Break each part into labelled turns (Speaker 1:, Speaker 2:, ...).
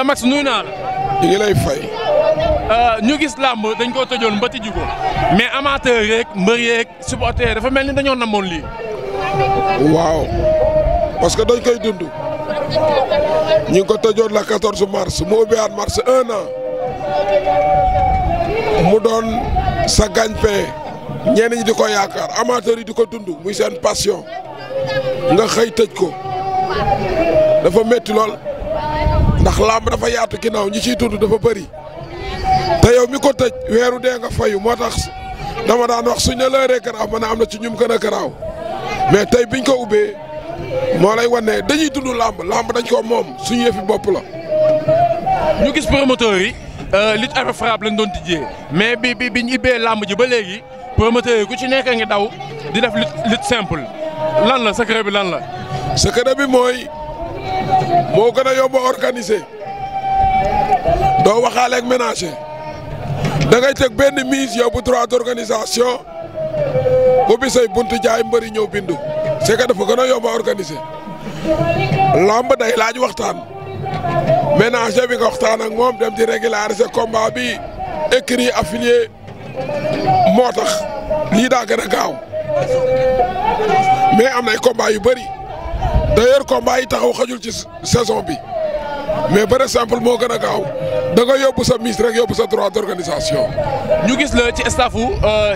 Speaker 1: Baye Max nuyu naa la. ñu ngi lay fay. Euh, ñu gis làmb dañ koo tëjoon ba ko mais amateur yeeg mbër yeeg supporter dafa mel ni dañoo namoon lii.
Speaker 2: waaw parce que dañ koy dund. ñu ngi ko tëjoon la 14 mars mu ubbiwaat mars un mu doon sa gagne-pain ñenn ñi di ko yaakaar amateurs yi di ko dund muy seen passion nga xëy tëj ko dafa metti lool. ndax làmb dafa yaatu ginnaaw ñi ciy tudd dafa bëri te yow mi ko tëj weeru dee nga fayu moo tax dama daan wax suñ ne lëree garaaw ma ne am na ci ñum gën a garaaw mais tey bi biñ ko ubbee moo lay wan dañuy tudd làmb làmb dañ ko moom suñu yëfi bopp la. ñu gis promoteurs yi
Speaker 1: euh, lutte avec frappe lañ doon tijjee mais bi bi bi ñu ubbee làmb ji ba léegi promoteurs yi ku ci nekk ngi
Speaker 2: daw di def lutte lutte lan la secret bi lan la. secret bi mooy. moo gën a yomb a organiser doo waxaale ak ménager da ngay teg benn mise yow bu droit d'organisation ubbi say buntu jaay mbëri ñëw bindu c'est que dafa gën a yomb a organiser lamb day laaj waxtaan ménager bi nga waxtaan ak moom dem di régulariser combat bi écrit affilié moo tax lii daa gën a gaaw mais am nay combat yu bëri. d'ailleurs combat yi taxaw xajul ci saison bi mais par exemple moo gën a gaaw da nga yóbbu sa mise rek yóbbu sa droit d'organisation. ñu gis la ci staffu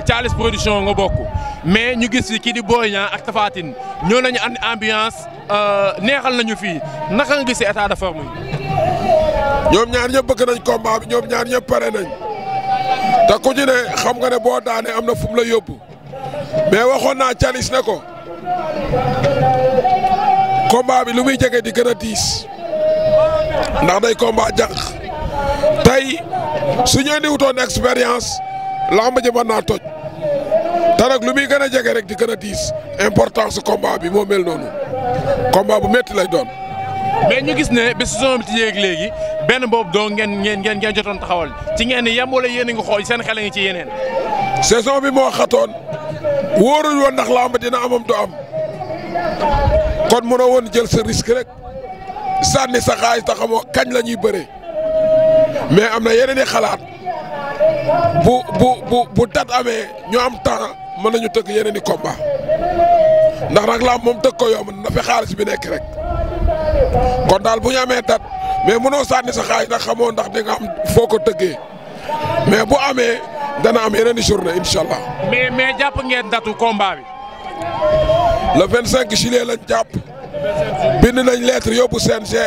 Speaker 2: caalis euh, production nga bokk
Speaker 1: mais ñu gis kii di Boy Niang ak tafaatin ñoo nañu andi ambiance euh, neexal nañu
Speaker 2: fii naka nga gis de forme yi. ñoom ñaar ñëpp bëgg nañ combat bi ñoom ñaar ñëpp pare nañ te ku ci ne xam nga ne boo daane am na fu la yóbbu mais waxoon naa caalis ne ko. combat bi lu muy jege di gën a diis ndax day combat jànq tey su ñu indi wutoon expérience làmb ji mën naa toj te nag lu muy gën a jege rek di gën a diis importance combat bi moo mel noonu combat bu metti lay doon. mais ñu gis ne ba saison bi ci yéeg léegi benn boobu doo ngeen ngeen ngeen ngeen jotoon taxawal
Speaker 1: ci ngeen yem wala yéen a ngi xool seen xel ngi ci yeneen.
Speaker 2: saison bi moo xatoon wóorul woon ndax làmb dina amam du am kon mënoo woon jël sa risque rek sànni sa xaaj ta xamoo kañ la ñuy bëree mais am na yeneen i xalaat bu bu bu bu dat amee ñu am temps mën nañu tëgg yeneen i combat ndax nag làmb moom tëgg ko yomb na fi xaalis bi nekk rek kon daal bu ñu amee dat mais mënoo sànni sa xaalis nag xamoo ndax di nga foo ko tëggee mais bu amee dana am yeneen i journée incha allah.
Speaker 1: mais mais jàpp ngeen datu
Speaker 2: combat bi. le 25 juillet lañ jàpp bind nañ lettre yóbbu CNG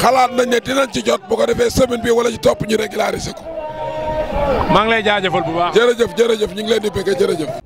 Speaker 2: xalaat nañ ne dinañ ci jot bu ko defee semaine bi wala ci topp ñu régulariser ko. maa ngi lay jaajëfal bu baax. jërëjëf jërëjëf ñu ngi leen di jërëjëf.